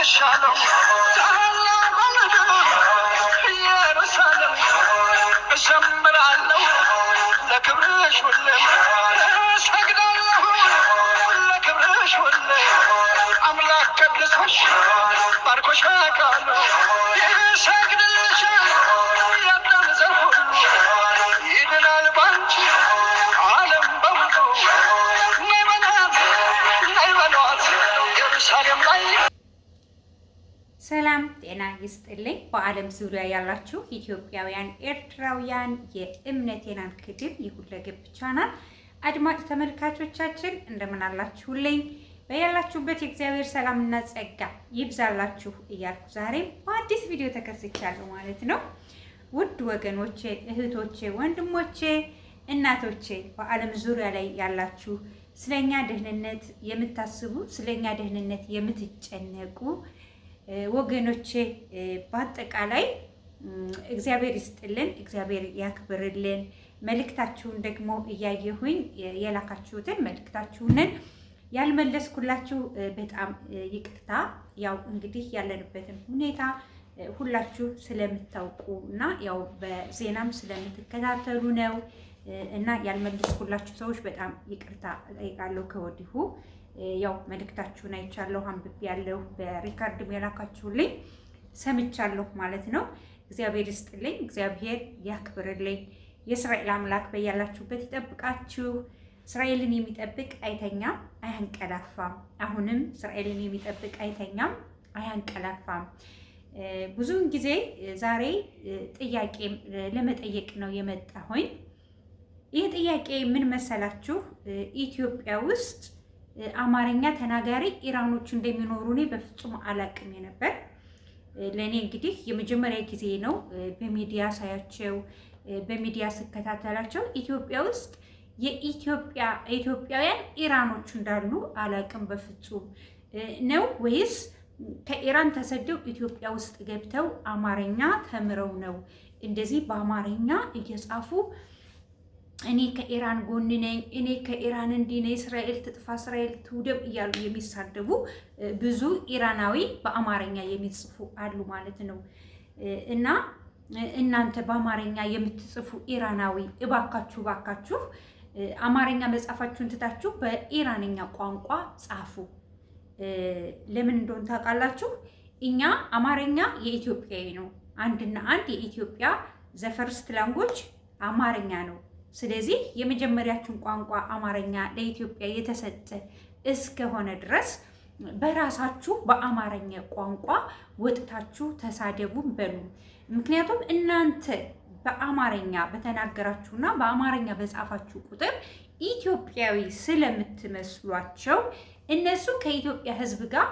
ተሻለው ኢየሩሳሌም እዘምራለሁ ለክብርሽ ሁሌ እሰግዳለሁ ለክብርሽ ሁሌ አምላክ ቅዱሶች ላይ ሰላም ጤና ይስጥልኝ። በዓለም ዙሪያ ያላችሁ ኢትዮጵያውያን፣ ኤርትራውያን የእምነቴን አልክድም የሁለገብ ቻናል አድማጭ ተመልካቾቻችን እንደምን አላችሁልኝ? በያላችሁበት የእግዚአብሔር ሰላምና ጸጋ ይብዛላችሁ እያልኩ ዛሬም በአዲስ ቪዲዮ ተከስቻለሁ ማለት ነው። ውድ ወገኖቼ፣ እህቶቼ፣ ወንድሞቼ፣ እናቶቼ በዓለም ዙሪያ ላይ ያላችሁ ስለኛ ደህንነት የምታስቡ ስለኛ ደህንነት የምትጨነቁ ወገኖቼ በአጠቃላይ እግዚአብሔር ይስጥልን፣ እግዚአብሔር ያክብርልን። መልእክታችሁን ደግሞ እያየሁኝ የላካችሁትን መልእክታችሁንን ያልመለስኩላችሁ በጣም ይቅርታ። ያው እንግዲህ ያለንበትን ሁኔታ ሁላችሁ ስለምታውቁ እና ያው በዜናም ስለምትከታተሉ ነው እና ያልመለስኩላችሁ ሰዎች በጣም ይቅርታ እጠይቃለሁ ከወዲሁ ያው መልእክታችሁን አይቻለሁ፣ አንብቤ ያለሁ በሪካርድም የላካችሁልኝ ሰምቻለሁ ማለት ነው። እግዚአብሔር ይስጥልኝ፣ እግዚአብሔር ያክብርልኝ። የእስራኤል አምላክ በያላችሁበት ይጠብቃችሁ። እስራኤልን የሚጠብቅ አይተኛም፣ አያንቀላፋም። አሁንም እስራኤልን የሚጠብቅ አይተኛም፣ አያንቀላፋም። ብዙውን ጊዜ ዛሬ ጥያቄ ለመጠየቅ ነው የመጣሁኝ። ይህ ጥያቄ ምን መሰላችሁ? ኢትዮጵያ ውስጥ አማርኛ ተናጋሪ ኢራኖች እንደሚኖሩ እኔ በፍጹም አላቅም የነበር ለእኔ እንግዲህ የመጀመሪያ ጊዜ ነው በሚዲያ ሳያቸው፣ በሚዲያ ስከታተላቸው ኢትዮጵያ ውስጥ የኢትዮጵያ ኢትዮጵያውያን ኢራኖች እንዳሉ አላቅም በፍጹም ነው ወይስ ከኢራን ተሰደው ኢትዮጵያ ውስጥ ገብተው አማርኛ ተምረው ነው እንደዚህ በአማርኛ እየጻፉ እኔ ከኢራን ጎን ነኝ፣ እኔ ከኢራን እንዲህ ነኝ፣ እስራኤል ትጥፋ፣ እስራኤል ትውደብ እያሉ የሚሳደቡ ብዙ ኢራናዊ በአማርኛ የሚጽፉ አሉ ማለት ነው። እና እናንተ በአማርኛ የምትጽፉ ኢራናዊ እባካችሁ እባካችሁ አማርኛ መጻፋችሁን ትታችሁ በኢራንኛ ቋንቋ ጻፉ። ለምን እንደሆነ ታውቃላችሁ? እኛ አማርኛ የኢትዮጵያዊ ነው። አንድና አንድ የኢትዮጵያ ዘፈርስት ላንጎች አማርኛ ነው። ስለዚህ የመጀመሪያችን ቋንቋ አማርኛ ለኢትዮጵያ የተሰጠ እስከሆነ ድረስ በራሳችሁ በአማርኛ ቋንቋ ወጥታችሁ ተሳደቡን በሉ። ምክንያቱም እናንተ በአማርኛ በተናገራችሁና በአማርኛ በጻፋችሁ ቁጥር ኢትዮጵያዊ ስለምትመስሏቸው እነሱ ከኢትዮጵያ ሕዝብ ጋር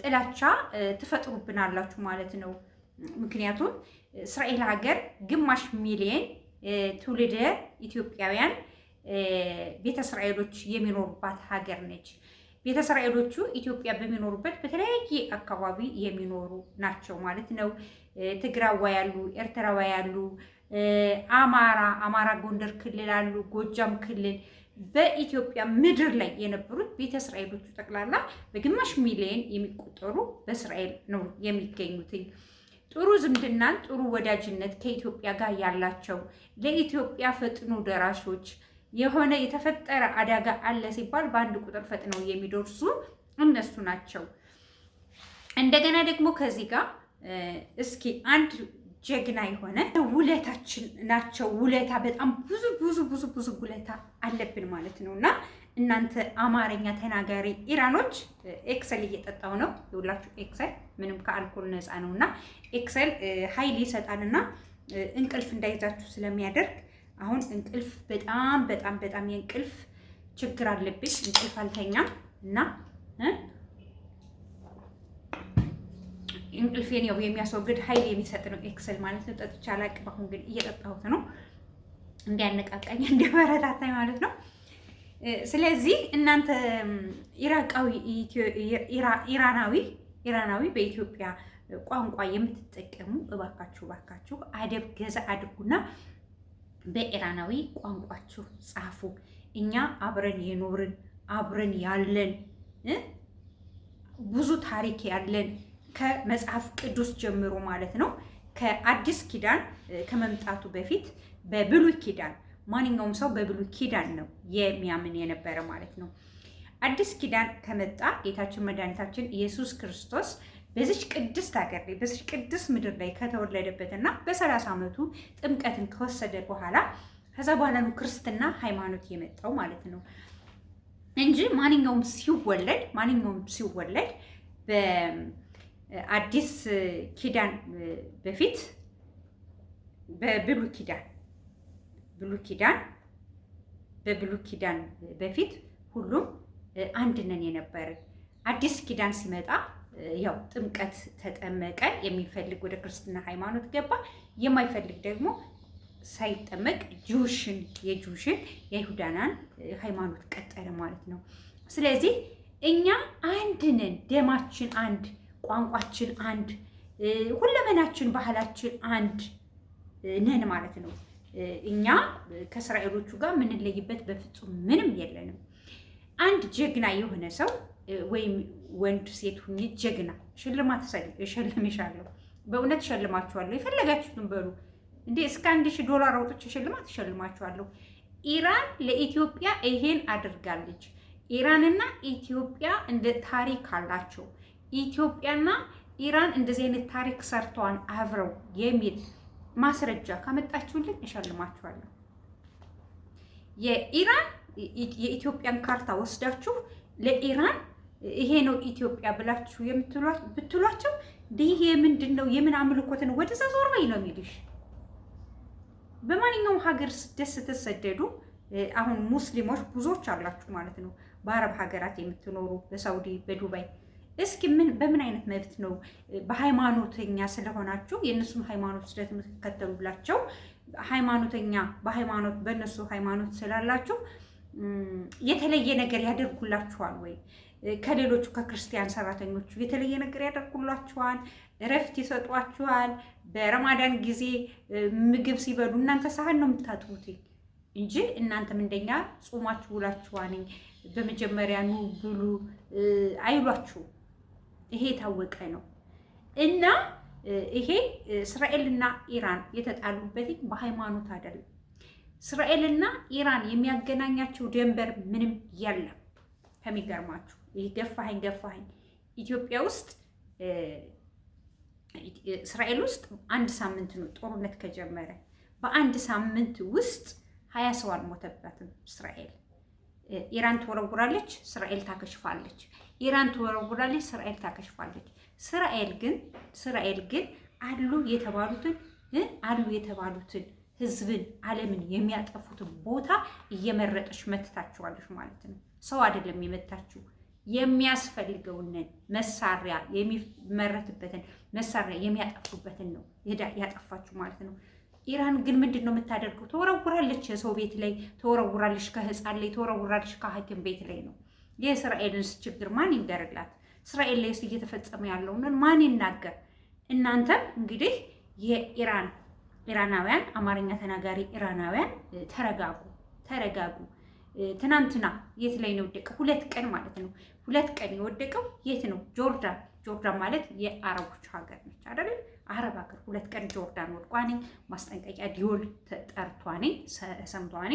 ጥላቻ ትፈጥሩብናላችሁ ማለት ነው። ምክንያቱም እስራኤል ሀገር ግማሽ ሚሊየን ትውልደ ኢትዮጵያውያን ቤተ እስራኤሎች የሚኖሩባት ሀገር ነች። ቤተ እስራኤሎቹ ኢትዮጵያ በሚኖሩበት በተለያየ አካባቢ የሚኖሩ ናቸው ማለት ነው። ትግራዋ ያሉ፣ ኤርትራዋ ያሉ፣ አማራ አማራ ጎንደር ክልል አሉ፣ ጎጃም ክልል በኢትዮጵያ ምድር ላይ የነበሩት ቤተ እስራኤሎቹ ጠቅላላ በግማሽ ሚሊዮን የሚቆጠሩ በእስራኤል ነው የሚገኙትኝ። ጥሩ ዝምድናን፣ ጥሩ ወዳጅነት ከኢትዮጵያ ጋር ያላቸው ለኢትዮጵያ ፈጥኖ ደራሾች የሆነ የተፈጠረ አደጋ አለ ሲባል በአንድ ቁጥር ፈጥነው የሚደርሱ እነሱ ናቸው። እንደገና ደግሞ ከዚህ ጋር እስኪ አንድ ጀግና የሆነ ውለታችን ናቸው። ውለታ በጣም ብዙ ብዙ ብዙ ብዙ ውለታ አለብን ማለት ነው እና እናንተ አማርኛ ተናጋሪ ኢራኖች ኤክሰል እየጠጣው ነው የሁላችሁ። ኤክሰል ምንም ከአልኮል ነፃ ነው እና ኤክሰል ኃይል ይሰጣልና እንቅልፍ እንዳይዛችሁ ስለሚያደርግ አሁን እንቅልፍ በጣም በጣም በጣም የእንቅልፍ ችግር አለብኝ። እንቅልፍ አልተኛም እና እንቅልፌን ያው የሚያስወግድ ኃይል የሚሰጥ ነው ኤክሰል ማለት ነው። ጠጥቼ አላቅም። አሁን ግን እየጠጣሁት ነው እንዲያነቃቃኝ እንዲያበረታታኝ ማለት ነው። ስለዚህ እናንተ ኢራቃዊ ኢራናዊ ኢራናዊ በኢትዮጵያ ቋንቋ የምትጠቀሙ እባካችሁ እባካችሁ አደብ ገዛ አድርጉና በኢራናዊ ቋንቋችሁ ጻፉ። እኛ አብረን የኖርን አብረን ያለን ብዙ ታሪክ ያለን ከመጽሐፍ ቅዱስ ጀምሮ ማለት ነው ከአዲስ ኪዳን ከመምጣቱ በፊት በብሉይ ኪዳን ማንኛውም ሰው በብሉይ ኪዳን ነው የሚያምን የነበረ ማለት ነው። አዲስ ኪዳን ከመጣ ጌታችን መድኃኒታችን ኢየሱስ ክርስቶስ በዚች ቅድስት ሀገር ላይ በዚች ቅድስት ምድር ላይ ከተወለደበትና በሰላሳ ዓመቱ ጥምቀትን ከወሰደ በኋላ ከዛ በኋላ ነው ክርስትና ሃይማኖት የመጣው ማለት ነው እንጂ ማንኛውም ሲወለድ ማንኛውም ሲወለድ በአዲስ ኪዳን በፊት በብሉይ ኪዳን ብሉይ ኪዳን በብሉይ ኪዳን በፊት ሁሉም አንድ ነን አዲስ ኪዳን ሲመጣ ያው ጥምቀት ተጠመቀ። የሚፈልግ ወደ ክርስትና ሃይማኖት ገባ፣ የማይፈልግ ደግሞ ሳይጠመቅ ጁሽን የጁሽን የይሁዳናን ሃይማኖት ቀጠለ ማለት ነው። ስለዚህ እኛ አንድ ነን፣ ደማችን አንድ፣ ቋንቋችን አንድ፣ ሁለመናችን፣ ባህላችን አንድ ነን ማለት ነው። እኛ ከእስራኤሎቹ ጋር የምንለይበት በፍጹም ምንም የለንም። አንድ ጀግና የሆነ ሰው ወይም ወንድ ሴት ሁኝ ጀግና ሽልማት እሸልምሻለሁ። በእውነት እሸልማችኋለሁ። የፈለጋችሁትን በሉ እንዴ እስከ አንድ ሺህ ዶላር አውጥቼ ሽልማት እሸልማችኋለሁ። ኢራን ለኢትዮጵያ ይሄን አድርጋለች። ኢራንና ኢትዮጵያ እንደ ታሪክ አላቸው። ኢትዮጵያና ኢራን እንደዚህ አይነት ታሪክ ሰርተዋን አብረው የሚል ማስረጃ ካመጣችሁልኝ እሸልማችኋለሁ። የኢራን የኢትዮጵያን ካርታ ወስዳችሁ ለኢራን ይሄ ነው ኢትዮጵያ ብላችሁ ብትሏቸው ይሄ የምንድን ነው የምን አምልኮትን ወደ ዘዞር ነው የሚልሽ። በማንኛውም ሀገር ስደት ስትሰደዱ አሁን ሙስሊሞች ብዙዎች አላችሁ ማለት ነው። በአረብ ሀገራት የምትኖሩ በሳውዲ በዱባይ እስኪ ምን በምን አይነት መብት ነው በሃይማኖተኛ ስለሆናችሁ የእነሱም ሃይማኖት ስለምትከተሉ ብላቸው ሃይማኖተኛ በሃይማኖት በእነሱ ሃይማኖት ስላላችሁ የተለየ ነገር ያደርጉላችኋል ወይ? ከሌሎቹ ከክርስቲያን ሰራተኞቹ የተለየ ነገር ያደርጉላችኋል? እረፍት ይሰጧችኋል? በረማዳን ጊዜ ምግብ ሲበሉ እናንተ ሳህን ነው የምታጥቡት እንጂ እናንተም እንደኛ ጾማችሁ ነኝ በመጀመሪያ ኑ ብሉ አይሏችሁም። ይሄ የታወቀ ነው እና ይሄ እስራኤልና ኢራን የተጣሉበት በሃይማኖት አይደለም። እስራኤልና ኢራን የሚያገናኛቸው ደንበር ምንም የለም። ከሚገርማችሁ ይህ ገፋኸኝ ገፋኸኝ ኢትዮጵያ ውስጥ እስራኤል ውስጥ አንድ ሳምንት ነው ጦርነት ከጀመረ። በአንድ ሳምንት ውስጥ ሀያ ሰው አልሞተበትም። እስራኤል ኢራን ትወረውራለች፣ እስራኤል ታከሽፋለች። ኢራን ትወረውራለች፣ እስራኤል ታከሽፋለች። እስራኤል ግን እስራኤል ግን አሉ የተባሉትን አሉ የተባሉትን ህዝብን ዓለምን የሚያጠፉትን ቦታ እየመረጠች መትታችኋለች ማለት ነው። ሰው አይደለም የመታችሁ የሚያስፈልገውንን መሳሪያ የሚመረትበትን መሳሪያ የሚያጠፉበትን ነው ያጠፋችሁ ማለት ነው። ኢራን ግን ምንድን ነው የምታደርገው? ተወረውራለች፣ ሰው ቤት ላይ ተወረውራለች፣ ከህፃን ላይ ተወረውራለች፣ ከሐኪም ቤት ላይ ነው የእስራኤልን ችግር ማን ይንገርላት? እስራኤል ላይ እየተፈጸመ ያለውን ማን ይናገር? እናንተም እንግዲህ የኢራን ኢራናውያን አማርኛ ተናጋሪ ኢራናውያን ተረጋጉ፣ ተረጋጉ። ትናንትና የት ላይ ነው የወደቀው? ሁለት ቀን ማለት ነው። ሁለት ቀን የወደቀው የት ነው? ጆርዳን። ጆርዳን ማለት የአረቦች ሀገር ነች አይደለ? አረብ ሀገር። ሁለት ቀን ጆርዳን ወድቋኔ ማስጠንቀቂያ ዲዮል ተጠርቷኔ ሰምቷኔ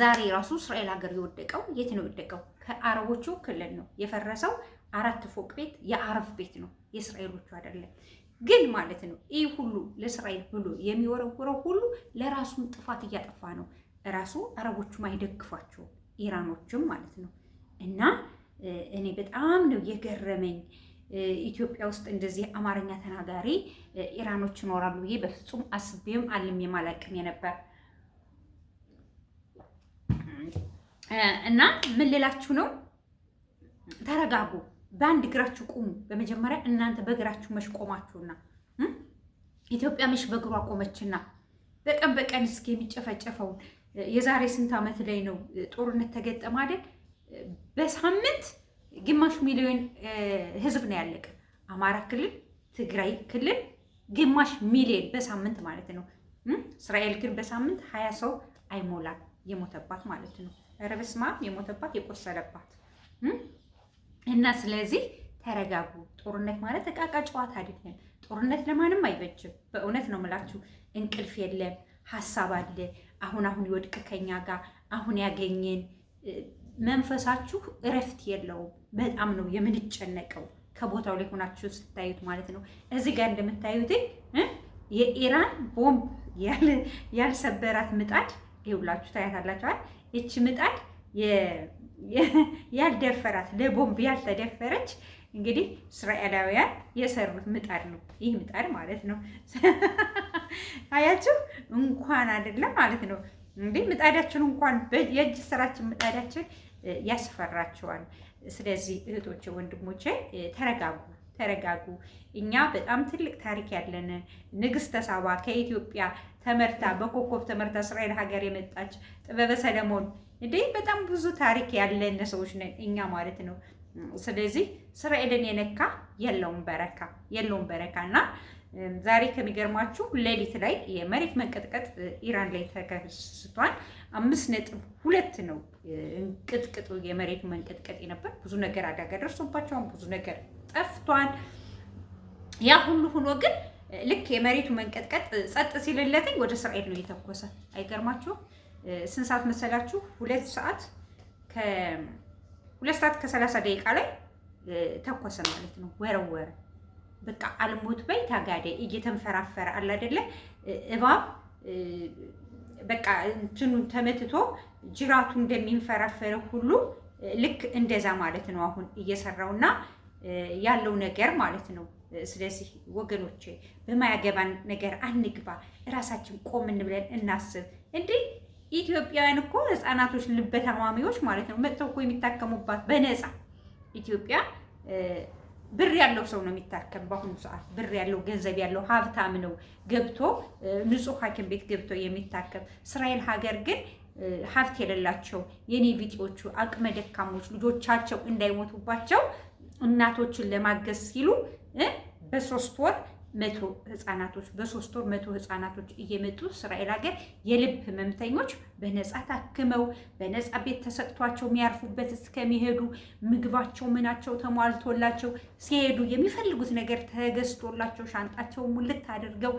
ዛሬ ራሱ እስራኤል ሀገር የወደቀው የት ነው የወደቀው? ከአረቦቹ ክልል ነው የፈረሰው። አራት ፎቅ ቤት የአረብ ቤት ነው የእስራኤሎቹ አይደለም። ግን ማለት ነው ይህ ሁሉ ለእስራኤል ብሎ የሚወረውረው ሁሉ ለራሱም ጥፋት እያጠፋ ነው። ራሱ አረቦቹም አይደግፏቸውም ኢራኖችም ማለት ነው። እና እኔ በጣም ነው የገረመኝ ኢትዮጵያ ውስጥ እንደዚህ አማርኛ ተናጋሪ ኢራኖች ይኖራሉ ብዬ በፍጹም አስቤም አልሜም አላቅም የነበር እና ምን ልላችሁ ነው፣ ተረጋጉ፣ በአንድ እግራችሁ ቁሙ። በመጀመሪያ እናንተ በእግራችሁ መሽ ቆማችሁና ኢትዮጵያ መሽ በእግሯ ቆመችና በቀን በቀን እስኪ የሚጨፈጨፈውን የዛሬ ስንት ዓመት ላይ ነው ጦርነት ተገጠመ አይደል? በሳምንት ግማሽ ሚሊዮን ህዝብ ነው ያለቀ። አማራ ክልል፣ ትግራይ ክልል ግማሽ ሚሊዮን በሳምንት ማለት ነው። እስራኤል ግን በሳምንት ሀያ ሰው አይሞላም። የሞተባት ማለት ነው። ኧረ በስመ አብ የሞተባት የቆሰለባት እና ስለዚህ ተረጋጉ። ጦርነት ማለት ዕቃ ጨዋት ጨዋታ አይደለም። ጦርነት ለማንም አይበጅም። በእውነት ነው የምላችሁ። እንቅልፍ የለም፣ ሀሳብ አለ። አሁን አሁን ይወድቅ ከኛ ጋር አሁን ያገኘን መንፈሳችሁ እረፍት የለውም። በጣም ነው የምንጨነቀው ከቦታው ላይ ሆናችሁ ስታዩት ማለት ነው። እዚህ ጋር እንደምታዩት የኢራን ቦምብ ያልሰበራት ምጣድ ይውላችሁ ታያታላችሁ አይደል? ይቺ ምጣድ ያልደፈራት ለቦምብ ያልተደፈረች እንግዲህ እስራኤላውያን የሰሩት ምጣድ ነው። ይህ ምጣድ ማለት ነው። አያችሁ እንኳን አይደለም ማለት ነው እንዴ ምጣዳችን እንኳን የእጅ ስራችን ምጣዳችን ያስፈራችኋል። ስለዚህ እህቶቼ፣ ወንድሞቼ ተረጋጉ። ተረጋጉ። እኛ በጣም ትልቅ ታሪክ ያለን ንግስተ ሳባ ከኢትዮጵያ ተመርታ በኮከብ ተመርታ እስራኤል ሀገር የመጣች ጥበበ ሰለሞን እንዴ በጣም ብዙ ታሪክ ያለን ሰዎች ነን እኛ ማለት ነው። ስለዚህ እስራኤልን የነካ የለውም በረካ የለውም በረካ እና ዛሬ ከሚገርማችሁ ሌሊት ላይ የመሬት መንቀጥቀጥ ኢራን ላይ ተከስቷል። አምስት ነጥብ ሁለት ነው እንቅጥቅጡ የመሬት መንቀጥቀጥ ነበር ብዙ ነገር አደጋ ደርሶባቸዋል። ብዙ ነገር ጠፍቷል። ያ ሁሉ ሆኖ ግን ልክ የመሬቱ መንቀጥቀጥ ጸጥ ሲልለትኝ ወደ እስራኤል ነው የተኮሰ። አይገርማችሁ ስንት ሰዓት መሰላችሁ? ሁለት ሰዓት ከሁለት ሰዓት ከሰላሳ ደቂቃ ላይ ተኮሰ ማለት ነው። ወረወረ በቃ አልሞት በይ ታጋደ እየተንፈራፈረ አለ አይደለ እባብ በቃ እንትኑ ተመትቶ ጅራቱ እንደሚንፈራፈረ ሁሉ ልክ እንደዛ ማለት ነው። አሁን እየሰራውና ያለው ነገር ማለት ነው። ስለዚህ ወገኖቼ በማያገባን ነገር አንግባ፣ እራሳችን ቆምን ብለን እናስብ። እንዴ ኢትዮጵያውያን እኮ ህፃናቶች ልበ ማለት ነው መጥተው እኮ የሚታከሙባት በነፃ ኢትዮጵያ ብር ያለው ሰው ነው የሚታከም። በአሁኑ ሰዓት ብር ያለው ገንዘብ ያለው ሀብታም ነው ገብቶ ንጹህ ሐኪም ቤት ገብቶ የሚታከም። እስራኤል ሀገር ግን ሀብት የሌላቸው የኔ ቢጤዎቹ አቅመ ደካሞች ልጆቻቸው እንዳይሞቱባቸው እናቶችን ለማገዝ ሲሉ በሶስት ወር መቶ ህጻናቶች በሶስት ወር መቶ ህጻናቶች እየመጡ እስራኤል ሀገር የልብ ህመምተኞች በነጻ ታክመው በነጻ ቤት ተሰጥቷቸው የሚያርፉበት እስከሚሄዱ ምግባቸው ምናቸው ተሟልቶላቸው ሲሄዱ የሚፈልጉት ነገር ተገዝቶላቸው ሻንጣቸው ሙልት አድርገው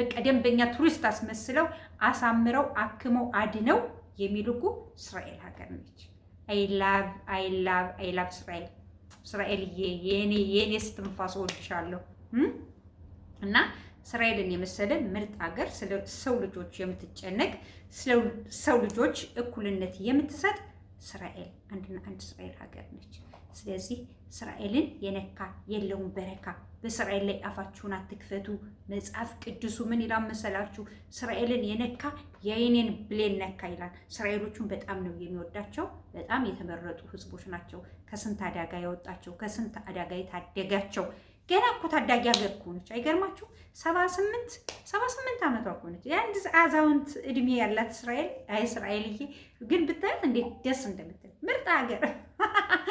በቃ ደንበኛ ቱሪስት አስመስለው አሳምረው አክመው አድነው የሚልኩ እስራኤል ሀገር ነች። አይላቭ አይላቭ አይላቭ እስራኤል። እስራኤልዬ የኔ የኔ ስትንፋስ ወድሻለሁ። እና እስራኤልን የመሰለ ምርጥ ሀገር ሰው ልጆች የምትጨነቅ ሰው ልጆች እኩልነት የምትሰጥ እስራኤል አንድና አንድ እስራኤል ሀገር ነች። ስለዚህ እስራኤልን የነካ የለውም በረካ። በእስራኤል ላይ አፋችሁን አትክፈቱ። መጽሐፍ ቅዱሱ ምን ይላል መሰላችሁ? እስራኤልን የነካ የአይኔን ብሌን ነካ ይላል። እስራኤሎቹን በጣም ነው የሚወዳቸው። በጣም የተመረጡ ህዝቦች ናቸው። ከስንት አደጋ ያወጣቸው፣ ከስንት አደጋ የታደጋቸው ገና እኮ ታዳጊ ሀገር እኮ ነች። አይገርማችሁ? ሰባ ስምንት ሰባ ስምንት ዓመቷ እኮ ነች። የአንድ አዛውንት እድሜ ያላት እስራኤል አይ እስራኤልዬ ግን ብታዩት እንዴት ደስ እንደምትል ምርጥ ሀገር።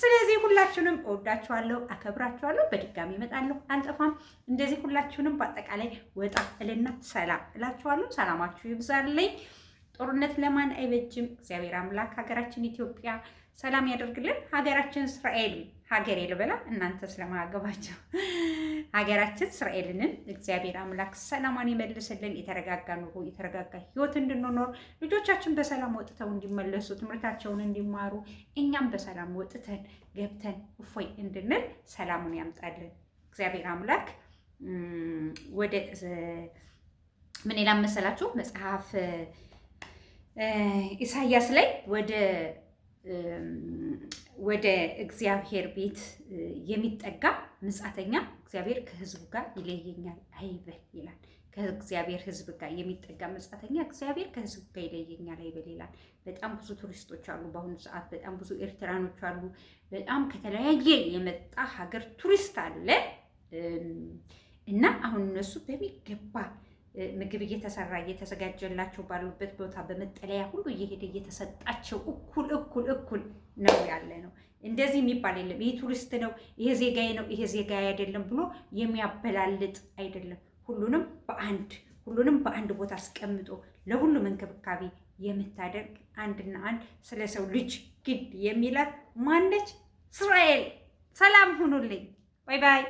ስለዚህ ሁላችሁንም እወዳችኋለሁ፣ አከብራችኋለሁ። በድጋሚ እመጣለሁ፣ አልጠፋም። እንደዚህ ሁላችሁንም በአጠቃላይ ወጣ እልና ሰላም እላችኋለሁ። ሰላማችሁ ይብዛልኝ። ጦርነት ለማን አይበጅም። እግዚአብሔር አምላክ ሀገራችን ኢትዮጵያ ሰላም ያደርግልን። ሀገራችን እስራኤል ሀገር ልበላ እናንተ ስለማያገባቸው ሀገራችን እስራኤልንን እግዚአብሔር አምላክ ሰላማን ይመልስልን። የተረጋጋ ኑሮ፣ የተረጋጋ ህይወት እንድንኖር ልጆቻችን በሰላም ወጥተው እንዲመለሱ፣ ትምህርታቸውን እንዲማሩ፣ እኛም በሰላም ወጥተን ገብተን እፎይ እንድንል ሰላሙን ያምጣልን እግዚአብሔር አምላክ። ወደ ምን ይላል መሰላችሁ መጽሐፍ ኢሳያስ ላይ ወደ ወደ እግዚአብሔር ቤት የሚጠጋ ምጻተኛ እግዚአብሔር ከህዝቡ ጋር ይለየኛል አይበል ይላል። ከእግዚአብሔር ህዝብ ጋር የሚጠጋ መጻተኛ እግዚአብሔር ከህዝብ ጋር ይለየኛል አይበል ይላል። በጣም ብዙ ቱሪስቶች አሉ። በአሁኑ ሰዓት በጣም ብዙ ኤርትራኖች አሉ። በጣም ከተለያየ የመጣ ሀገር ቱሪስት አለ እና አሁን እነሱ በሚገባ ምግብ እየተሰራ እየተዘጋጀላቸው ባሉበት ቦታ በመጠለያ ሁሉ እየሄደ እየተሰጣቸው እኩል እኩል እኩል ነው ያለ ነው። እንደዚህ የሚባል የለም። ይሄ ቱሪስት ነው፣ ይሄ ዜጋዬ ነው፣ ይሄ ዜጋዬ አይደለም ብሎ የሚያበላልጥ አይደለም። ሁሉንም በአንድ ሁሉንም በአንድ ቦታ አስቀምጦ ለሁሉም እንክብካቤ የምታደርግ አንድና አንድ ስለ ሰው ልጅ ግድ የሚላት ማነች? እስራኤል። ሰላም ሁኑልኝ። ባይ ባይ።